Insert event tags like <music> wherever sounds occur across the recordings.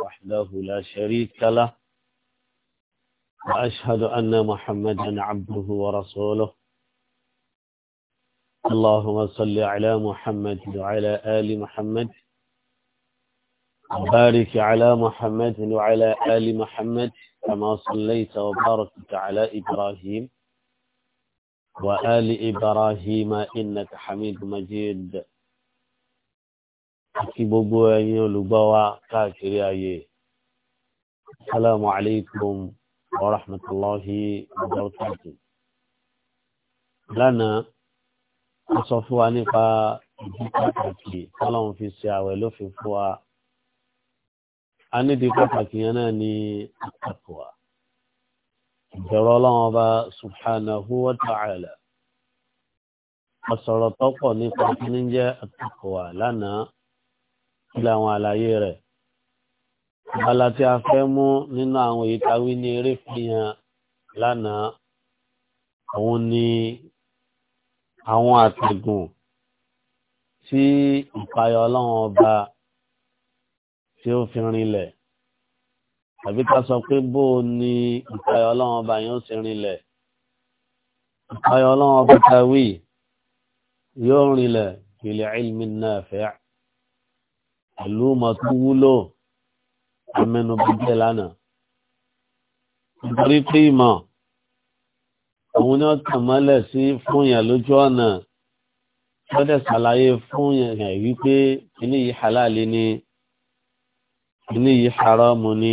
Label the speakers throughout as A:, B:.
A: وحده لا شريك له وأشهد أن محمدا عبده ورسوله اللهم صل على محمد وعلى آل محمد وبارك على محمد وعلى آل محمد كما صليت وباركت على إبراهيم وآل إبراهيم إنك حميد مجيد àti gbogbo ẹ̀yin olùgbọ́ wa káàkiri ayé. Assalamu alaikum wa rahmatullahi wa barakatuh. Lánàá, a sọ fún wa nípa ìdí pàtàkì tọ́lọ́run fi ṣe àwẹ̀ lófin fún wa. A nídìí pàtàkì yẹn náà ní àtàkùwà. Ìbẹ̀rù ọlọ́run ọba subhanahu wa ta'ala. A tọ́pọ̀ nípa kí ní jẹ́ àtàkùwà lánàá ilé àwọn àlàyé rẹ̀ ìbala tí a fẹ́ mú nínú àwọn ìtawí ní eré fihàn lánàá òun ni àwọn àtẹ̀gùn tí ìpayọ̀ ọlọ́run ọba tí ó fi rinlẹ̀ tàbí ká sọ pé bó o ní ìpayọ̀ ọlọ́run ọba yẹn ó rinlẹ̀ ìpayọ̀ ọlọ́run ọba tawí yóò rinlẹ̀ bil ilmi nafi' àlùmọ̀ tó wúlò amẹnubí díẹ̀ lánàá nítorí pé ìmọ̀ òun ni ó tàn mọ́lẹ̀ sí fún yẹn lójú ọ̀nà tó dẹ̀ ṣàlàyé fún yẹn wípé kíní yìí halali ni kíní yìí haramu ni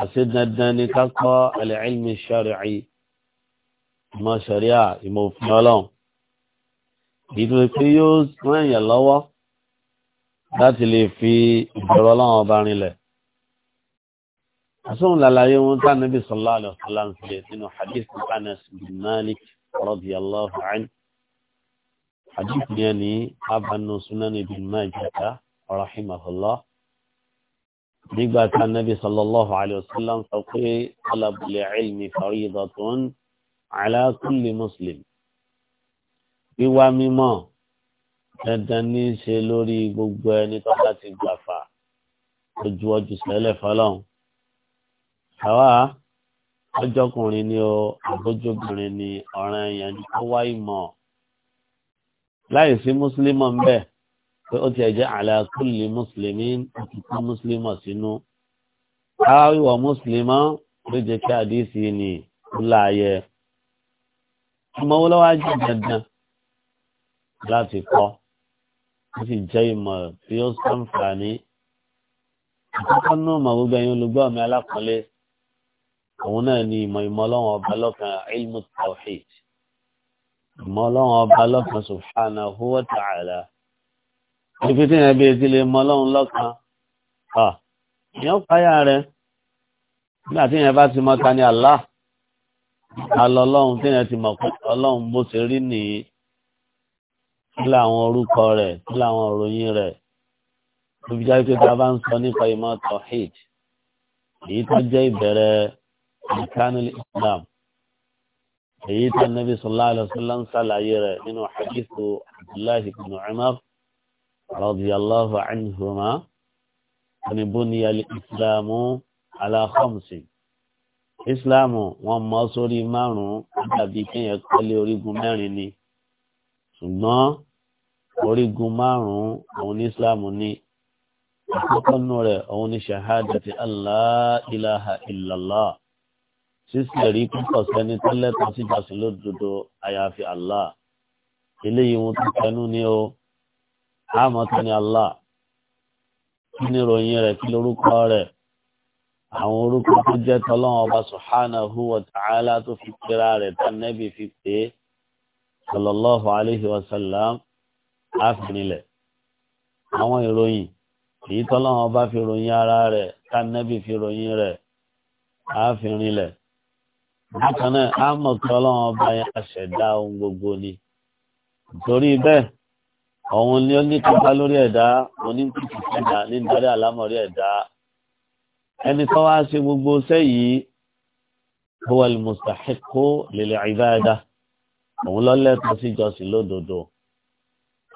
A: àti dandan ni ká kọ́ al ìmọ̀ ṣàríà ìmọ̀ òfin ọlọ́run ìdúró pé yóò ràn yẹn lọ́wọ́ láti lè fi ìbẹ̀rù ọlọ́run ọba rinlẹ̀. Àsóhun lálàyé wọn tá níbi sallallahu alaihi wasallam ń fi nínú hadith Anas bin Malik radiyallahu anhu. Hadith yẹn ní Abanu Sunan ibn Majah rahimahullah. Nígbà tá níbi sallallahu alaihi wasallam ń sọ pé talabul ilmi faridatun ala kulli muslim. Wíwá mímọ́ dandan ní í ṣe lórí gbogbo ẹni tó bá ti gbà fà ojú ọjọ́ sẹ́lẹ̀ fọlọ́hún. àwa ọjọ́kùnrin ni o àbójóbìnrin ni ọ̀ràn èèyàn ni ó wá ìmọ̀ láì sí mùsùlùmọ̀ ń bẹ̀ pé ó ti ẹ̀jẹ̀ ala kulli mùsùlùmí òkùnkù mùsùlùmọ̀ sínú. àwa ìwọ̀ mùsùlùmọ̀ ló jẹ́ kí àdìsí ni ó láàyè. ọmọ owó lọ́wọ́ á jẹ́ dandan láti kọ́ ó sì jẹ́ ìmọ̀ tí ó sàǹfààní àkọ́kọ́ náà mọ̀ gbogbo ẹ̀yin olùgbọ́ mi alákọ̀ọ́lé òun náà ni ìmọ̀ ìmọ̀ ọlọ́run ọba lọ́kan ilmu tawhid ìmọ̀ ọlọ́run ọba lọ́kan subhanahu wa ta'ala ibi tí yẹn bí etí lè mọ̀ ọlọ́run lọ́kan ìyẹn fàyà rẹ nígbà tí yẹn bá ti mọ̀ ta ni Allah alọ́ ọlọ́run tí yẹn ti mọ̀ ọlọ́run bó ṣe rí nìyí kí làwọn orúkọ rẹ̀ kí làwọn òròyìn rẹ̀ tóbi jáde pé tá a bá ń sọ nípa ìmọ̀ tawhid èyí tó jẹ́ ìbẹ̀rẹ̀ ìkánil islam èyí tó nàbí sallallahu alaihi wasallam ṣàlàyé rẹ̀ nínú hadithu abdullahi ibn umar radiyallahu anhuma wani buniyal islamu ala khamsin ìsìláàmù wọn mọ sórí márùnún tàbí kéèyàn kọ́lé orígun mẹ́rin ni ṣùgbọ́n orígun márùn-ún àwọn ní islam ní àkọ́kọ́nù rẹ̀ àwọn ní ṣahadati allah ilaha illallah sísè rí púpọ̀ sẹ́ni tẹ́lẹ̀tọ́ sí jàsùn lódodo àyàfi allah eléyìí wọn tó tẹnu ní o àmọ́tò ní allah kí ni ròyìn rẹ̀ kí lórúkọ rẹ̀ àwọn orúkọ tó jẹ́ tọ́lọ́wọ́n ọba subhanahu wa ta'ala tó fi kíra rẹ̀ tánẹ́bì fi pé sallallahu alayhi wa sallam àfìrìnlẹ̀ àwọn ìròyìn èyí tọ́lọ́wọ́n bá fi ròyìn ara rẹ̀ kánẹ́bì fi ròyìn rẹ̀ àfìrìnlẹ̀ bákan náà á mọ̀ pé ọlọ́wọ́n bá yẹn aṣẹ̀dá ohun gbogbo ni torí bẹ́ẹ̀ òun ni ó ní kápá lórí ẹ̀dá oníkùtù ẹ̀dá ní darí àlámọ̀rí ẹ̀dá ẹni tó wá ṣe gbogbo iṣẹ́ yìí huwa al-mustahiqqu lil-ibada òun lọ́lẹ́tọ̀ síjọsìn lódodo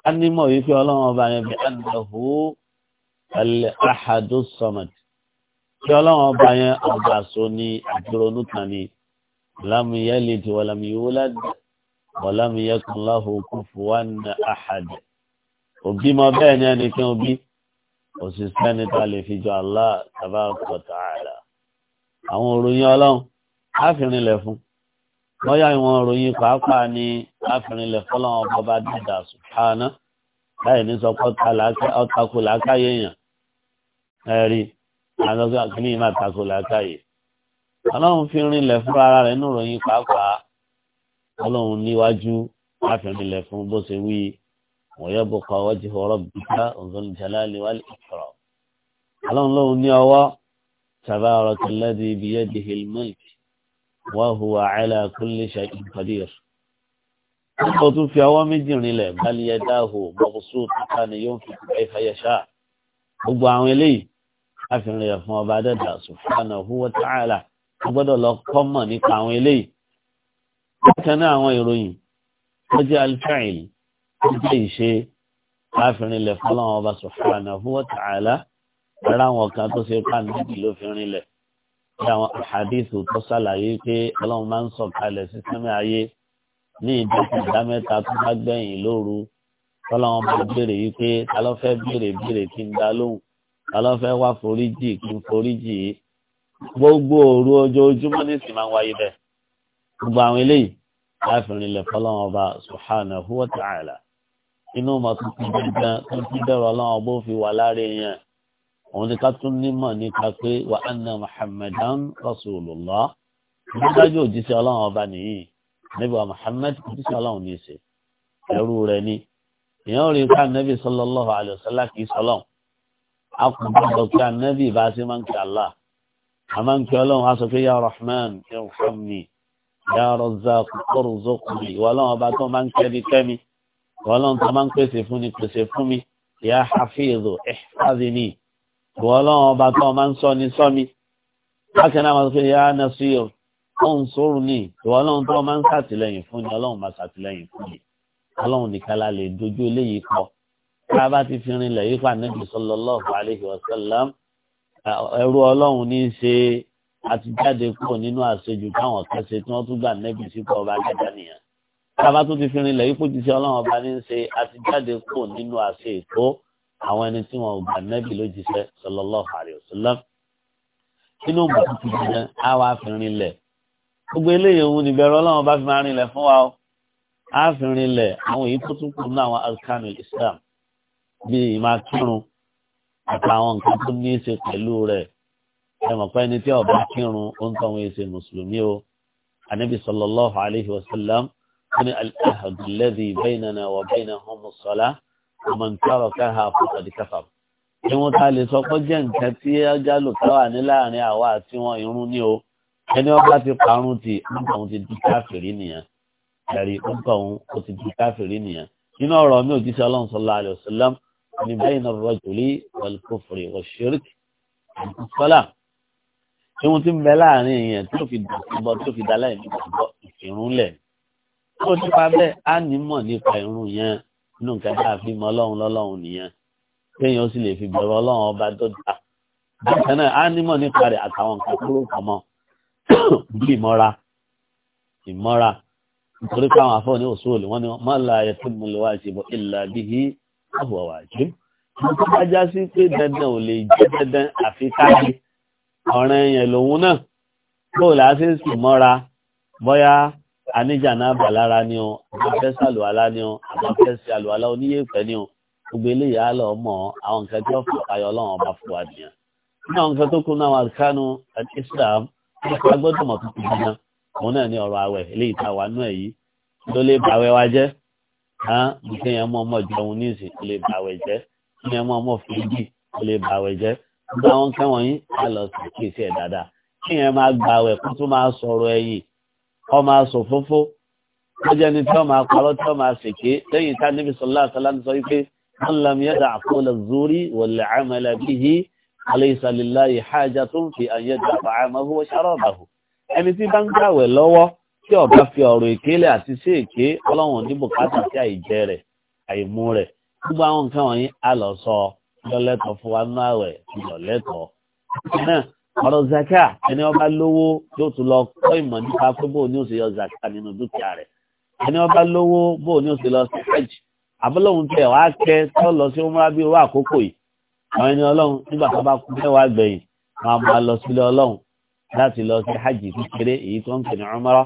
A: a nímọ̀ wípé ọlọ́run ọba yẹn bí anahu alahadu samad tí ọlọ́run ọba yẹn ọba so ní àdúrónú kan ní lámì yalid wàlámì yúlad wàlámì yakun lahu kufuwan ahad òbí mọ bẹ́ẹ̀ ni ẹnìkan òbí òṣìṣẹ́ ni ta lè fi jọ Allah tabaraka wa ta'ala àwọn òròyìn ọlọ́run á fi rinlẹ̀ fún lọ́yà ìwọ̀n ròyìn pàápàá ni àfìrìnlẹ̀ fọlọ́wọn bọba dìda sùpáàná láì ní sọ pé ọ̀tàkù làákàyè èèyàn ẹ̀rí àlọ́gbà kìíní ìmọ̀ àtàkù làákàyè. ọlọ́run fi rinlẹ̀ fún ara rẹ̀ nínú ròyìn pàápàá ọlọ́run níwájú àfìrìnlẹ̀ fún bó ṣe wí wọ̀nyẹ́ bó kọ́ ọwọ́ ti fọwọ́rọ́ bíkà òǹzọ́n jalali wal ikram ọlọ́run lóhun ní ọwọ́ tabarakal ladhi وهو على كل شيء قدير قطو في عوامل جنلة بل يداه مبسوطتان ينفق كيف يشاء gbogbo àwọn eléyìí àfihàn rẹ̀ fún ọba dẹ́dà subhanahu wa ta'ala a gbọ́dọ̀ lọ kọ́ mọ̀ nípa àwọn eléyìí bákan náà àwọn ìròyìn tó jẹ́ alfa'il tó jẹ́ ìṣe àfihàn rẹ̀ fún ọlọ́run ọba subhanahu wa ta'ala rárá àwọn kan tó ṣe pàǹdàbì ló fi rinlẹ̀ ní àwọn àhàdíìsì tó ṣàlàyé pé ọlọ́run máa ń sọ̀kalẹ̀ sí sẹ́mi ayé ní ìdíkù ìdá mẹ́ta tó bá gbẹ̀yìn lóru tọ́lọ́run bá béèrè yìí pé ta ló fẹ́ béèrè béèrè kí n dá lóhùn ta ló fẹ́ wá foríjì kí n foríjì yìí gbogbo òru ojoojúmọ́ ní sì máa ń wáyé bẹ́ẹ̀ gbogbo àwọn eléyìí láàfin ilẹ̀ fọlọ́run ọba subhanahu wa ta'ala inú mọ̀ tuntun gbẹ̀ngàn tó ti dẹ̀rọ̀ ọlọ́run bó fi wà láre yẹn òun ni ká tún nímọ̀ nípa pé wa anna muhammadan rasulullah dájú òjíṣẹ́ ọlọ́run ọba nìyí níbi wa muhammad òjíṣẹ́ ọlọ́run ní í ṣe ẹrú rẹ̀ ni èèyàn rí ká nẹ́bí sallallahu alaihi wasallam kì í sọlọ́run a kò gbọ́dọ̀ pé anẹ́bí bá sí máa ń kí allah a máa ń kí ọlọ́run a sọ pé ya rahman irhamni ya razzaq irzuqni ìwọ ọlọ́run ọba tó máa ń kẹ́mi kẹ́mi ìwọ ọlọ́run tó máa ń pèsè fún ni pèsè fún mi ya hafizu ihfazni wọ́n lọ́wọ́ ọba tó ọmọ ń sọ ní sọ́mi láti náà wọ́n fi yá ná sí ọ ọ̀hún sóòrùn ní ìwọ́n lọ́wọ́ tó ọmọ ń sàtìlẹ́yìn fún ni ọlọ́run máa sàtìlẹ́yìn fún mi ọlọ́run nìkan la lè dojú eléyìí kọ tá a bá ti fi rinlẹ̀ yìí pa níbi sallallahu alaihi wasallam ẹrú ọlọ́run ní í ṣe àtijáde kúrò nínú àṣejù káwọn kẹsẹ̀ tí wọ́n tún gbà nẹ́bì sípò ọba gẹ́gẹ́ nìyẹn tá a bá tún ti fi rinlẹ̀ yìí pò ti ọlọ́run ọba ní í ṣe àtijáde kúrò nínú àṣe ètò àwọn ẹni tí wọn ò gbà nẹ́bì ló jíṣẹ́ sallallahu alaihi wasallam nínú ìgbà tó ti jẹ́ á wá fi rinlẹ̀ gbogbo eléyìí òun nìbẹ̀rẹ̀ ọlọ́run bá fi máa rinlẹ̀ fún wa ó á fi rinlẹ̀ àwọn èyí tó tún kù ní àwọn arkanul islam bíi ìmá kírun àtàwọn nǹkan tó ní í ṣe pẹ̀lú rẹ̀ ẹ mọ̀ pé ẹni tí ó kírun ó ń tọ́ wọn ṣe mùsùlùmí o anabi sallallahu alaihi wasallam ó ní al-ahadu alladhi baynana wa baynahum as àmọ̀ntàrọ̀ káhà fọ́tàdì kẹfà. Ìwọ̀n ta lè sọ pé jẹ́ nǹkan tí ọjà lò káwà ní láàrin àwa àti wọn irun ní o. Ẹni ọba ti parun ti nípa òun ti di káfìrí nìyẹn. Ẹ̀rí nípa òun ó ti di káfìrí nìyẹn. Nínú ọ̀rọ̀ mi òjíṣẹ́ ọlọ́run sallallahu alaihi wasallam ní bẹ́ẹ̀ iná bọ́ jòlí wal kufri wal shirk sọ́là. Ìwọ̀n ti ń bẹ láàrin èèyàn tí ó fi dàgbọ́ tí ó fi dá láì nígbàgbọ́ ìfìrúnlẹ̀. Ó nípa bẹ́ẹ̀ á nímọ̀ nípa irun yẹn nínú nǹkan tá a fi mọ ọlọ́run lọ́lọ́run nìyẹn téèyàn ó sì lè fi bẹ̀rù ọlọ́run ọba tó dà bákan náà á nímọ̀ nípa rẹ̀ àtàwọn nǹkan kúrò kàn mọ́ <coughs> bí ìmọ́ra ìmọ́ra nítorí pé àwọn afọ́ ní òṣùwòlì wọ́n ní mọ́ la ẹ̀tún mú lè wá ṣe bọ́ ìlà bí i ọ̀bọ̀ wà jù mo tó bá já sí pé dandan ò lè jẹ́ dandan àfi káàdì ọ̀ràn yẹn lòun náà bóòlù á sì sùn mọ́ra bóyá aníjànà bàlára ni o àbáfẹ́ sàlùwàlá ni o àbáfẹ́ sàlùwàlá oníyèpẹ̀ ni o gbogbo eléyìí á lọ mọ àwọn nǹkan tí wọ́n fà ayọ̀ ọlọ́run ọba fún wa nìyẹn ní àwọn nǹkan tó kún náà àrùkánu àti Islam nípa gbọ́dọ̀ mọ̀ tó ti òun náà ni ọ̀rọ̀ àwẹ̀ eléyìí tá a wà nú ẹ̀ yìí ló lè bàwẹ̀ wa jẹ́ hàn nǹkan yẹn mọ́ ọmọ jẹun níìsín ó lè bàwẹ̀ jẹ́ nǹkan yẹn mọ́ ọmọ fìdí ó lè bàwẹ̀ jẹ́ gbogbo àwọn nǹkan wọ̀nyí á sí kí kọ́ máa sọ fófó lọ́jọ́ ni tí wọ́n máa parọ́ tí wọ́n máa ṣèké lẹ́yìn tá níbi sọ̀lá àtàlá ń sọ wípé wọ́n lam yẹ́dà àkọọ́lẹ̀ zórí wọ̀lẹ̀ àmàlà bíhi alẹ́sàlélá ìhájà tó ń fi àyẹ̀dà àmàhó ṣàrọ̀bàhó ẹni tí bá ń gbàwẹ̀ lọ́wọ́ tí ọba fi ọ̀rọ̀ ìkélé àti sí èké ọlọ́run ní bùkátà sí àìjẹ rẹ̀ àìmú rẹ̀ gbogbo àwọn ọ̀rọ̀ zaka ẹni ọba lówó yóò tún lọ kọ́ ìmọ̀ nípa pé bóun ni ó ṣe yọ zaka nínú dúkìá rẹ̀ ẹni ọba lówó bóun ni ó ṣe lọ sí hajj àbúlọ̀hún tẹ̀ wá kẹ́ tó lọ sí umra bí owó àkókò yìí àwọn ẹni ọlọ́run nígbà tó bá kú mẹ́wàá gbẹ̀yìn máa máa lọ sílé ọlọ́run láti lọ sí hajj kékeré èyí tó ń pè ní umra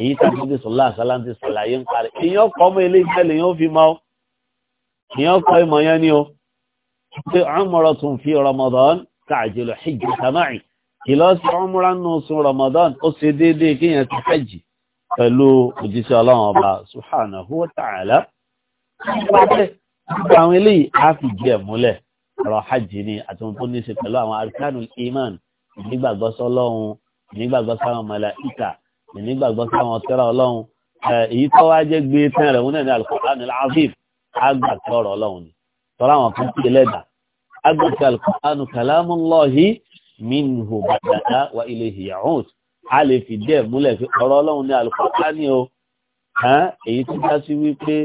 A: èyí tó ọmọ ilé tún fi Ramadan ta'jilu hajj sama'i ìlọ́sí ọmúra nù oṣù Ramadan ó ṣe déédéé kí yẹn ti fẹ́jì pẹ̀lú òjíṣẹ́ ọlọ́run ọba subhanahu wa ta'ala gbogbo àwọn eléyìí á fi jẹ́ múlẹ̀ ọ̀rọ̀ hajj ni àti ohun tó ní ṣe pẹ̀lú àwọn arkanul iman ìnígbàgbọ́ sọ́lọ́run ìnígbàgbọ́ sáwọn màláíkà ìnígbàgbọ́ sáwọn tẹ́rà ọlọ́run èyí tó wá jẹ́ gbé tán rẹ̀ wọn ní al-Qur'anul minhu bàdàdà wa ilayhi ya'ud a lè fìdí ẹ̀ múlẹ̀ fi ọ̀rọ̀ ọlọ́run ní Al-Qur'ani o èyí tó dá sí wípé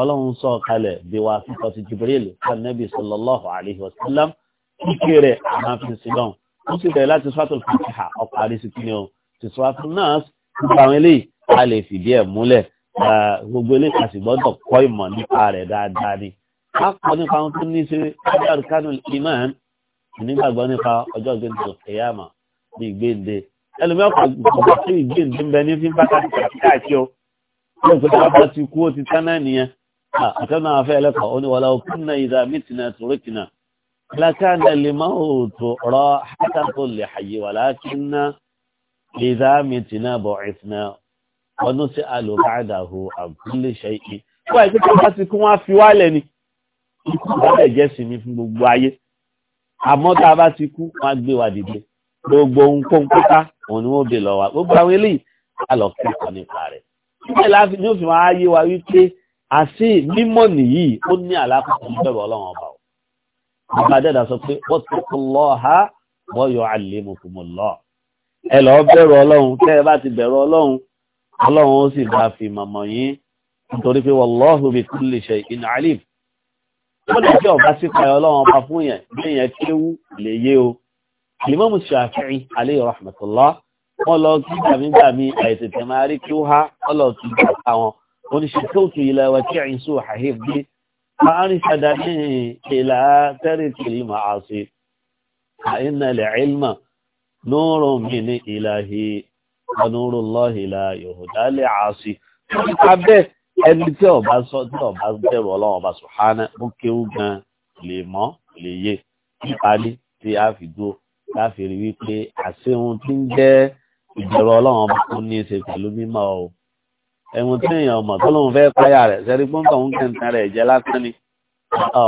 A: ọlọ́run sọ kalẹ̀ bí wàá fi kọ́sí Jibril fún Nabi sallallahu alayhi wa sallam kíkẹ́ rẹ̀ àwọn fi sílọ̀n ó sì bẹ̀rẹ̀ láti suratul Fatiha ọkọ̀ àrísìkí ni o ti suratul Nas nípa àwọn eléyìí a lè fìdí ẹ̀ múlẹ̀ gbogbo eléyìí a sì gbọ́dọ̀ kọ́ ìmọ̀ nípa rẹ̀ dáadáa ni. a kọ́ nípa ohun tó ní í ṣe nígbàgbọ́ nípa ọjọ́ gbẹ̀ndẹ̀ ẹ̀yàmà ní ìgbéǹde ẹlòmí ọ̀pọ̀ ìgbàgbọ́ sí ìgbéǹde ń bẹ ní fífá káàkiri o
B: ní ìpínlẹ̀ ọba ti
A: kú ó ti tán náà nìyẹn àtẹnu àwọn afẹ́ ẹlẹ́kọ̀ọ́ ó ní wàlá òkun náà ìdá mítìnà tòrókìnà lákàndà lè má ò tó rọ hátà tó lè hàyè wà lákìnà ìdá mítìnà bọ̀ ìtìnà ọdún sí alùbáàdàhù àbúlé ṣe é àmọ́ tá a bá ti kú wọ́n á gbé wa dìde gbogbo ohun kó ń kóká òun ni wọ́n bè lọ wa gbogbo àwọn eléyìí á lọ kẹ́kọ̀ọ́ nípa rẹ̀ nígbà láti ní òfin máa yé wa wípé àṣì mímọ̀ nìyí ó ní àlákòókò níbẹ̀rẹ̀ ọlọ́run ọba o bàbá dẹ́dà sọ pé wọ́n ti kú lọ ha wọ́yọ̀ àlèmọ̀kùmọ̀lọ́ ẹ lọ bẹ̀rù ọlọ́run tẹ́ ẹ bá ti bẹ̀rù ọlọ́run ọlọ́run ó sì bá fi mọ̀mọ̀ yín nítorí pé wallahu bi kulli shay'in alim kódà tí ọba sí payọ ọlọ́run ọba fún yẹn lẹ́yìn kéwú lè yé o Ìmámù Ṣáfi'í alayhi rahmatullah wọn lọ kí gbàmígbàmí àìtètè máa rí kí ó há wọn lọ kí gbàgbà wọn oníṣẹ́ tóòtù ilẹ̀ wa tí àyìn sóò àhíf dé máàrin padà ní ìlà tẹ́rìtìrì máa ṣe àìnà ilẹ̀ nurun min ilahi wa nurullahi la yuhdal 'asi. Abẹ́ ẹni tí ọba sọ tí ọba bẹ̀rù ọlọ́run ọba sùhánà ó kéwú gan lè mọ́ lè yé nípaálí tí a fi dúró tá a fi rí wípé àṣehun tí ń jẹ́ ìbẹ̀rù ọlọ́run ọba tó ní í ṣe pẹ̀lú mímọ́ o ẹ̀wọ̀n tí èèyàn ọmọ tó lóun fẹ́ páyà rẹ̀ sẹ́ni gbọ́ǹkà ń kẹ́ǹtà rẹ̀ jẹ́ lásán ni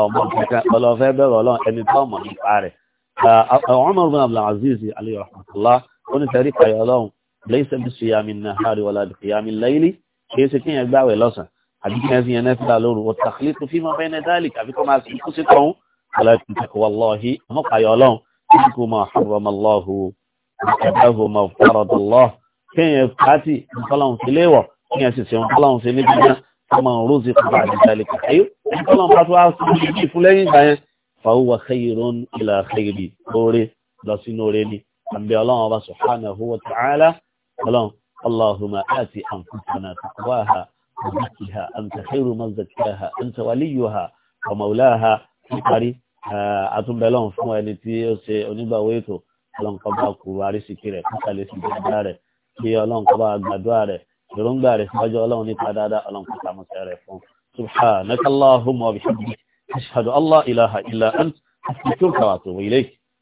A: ọmọ kankan ọlọ́fẹ́ bẹ̀rù ọlọ́run ẹni tó ọmọ nípa rẹ̀ Umar bin Abdul Aziz alayhi rahmatullah ó ní sẹ́rí páyà ọlọ́run lẹ́yìn sẹ́bi sùyàmì nàhárì wàlá qiyamil layli kìí ṣe kíyàn gbáwẹ̀ lọ́sàn àbí kíyàn fi yẹn nẹ́fìlà lóru ọ̀tà kìlẹ̀ tó fi mọ́ bẹ́ẹ̀ nẹ́dálì àbí kó máa sì kú sí tọ́hún aláìkú tẹ̀kọ̀ wọlọ́ọ̀hí àmọ́pàyọ̀ ọlọ́run kí kò máa harrama Allahu ẹ̀bẹ́hùn máa farada Allah kíyàn pàtì ntọ́lọ́hún fi léwọ̀ kíyàn sì ṣe ntọ́lọ́hún fi níbi náà kó máa ń rúzi kó máa dìdálì kàyó ntọ́lọ́hún bá tó اللهم آت أنفسنا تقواها وزكها أنت خير من زكاها أنت وليها ومولاها قري أتنبلون فما يلتي ونبويتو ọlọ́run kọ́ bá kú àrísìkí rẹ̀ kọ́sàlẹ̀ sí dáadáa rẹ̀ kí ọlọ́run kọ́ bá gbàdúrà rẹ̀ ìrọ̀ǹgbà rẹ̀ síwájú ọlọ́run nípa dáadáa ọlọ́run kọ́ sàmúsẹ̀ rẹ̀ fún subhanakallahumma wa bihamdika ashhadu an la ilaha illa ant astaghfiruka wa atubu ilayk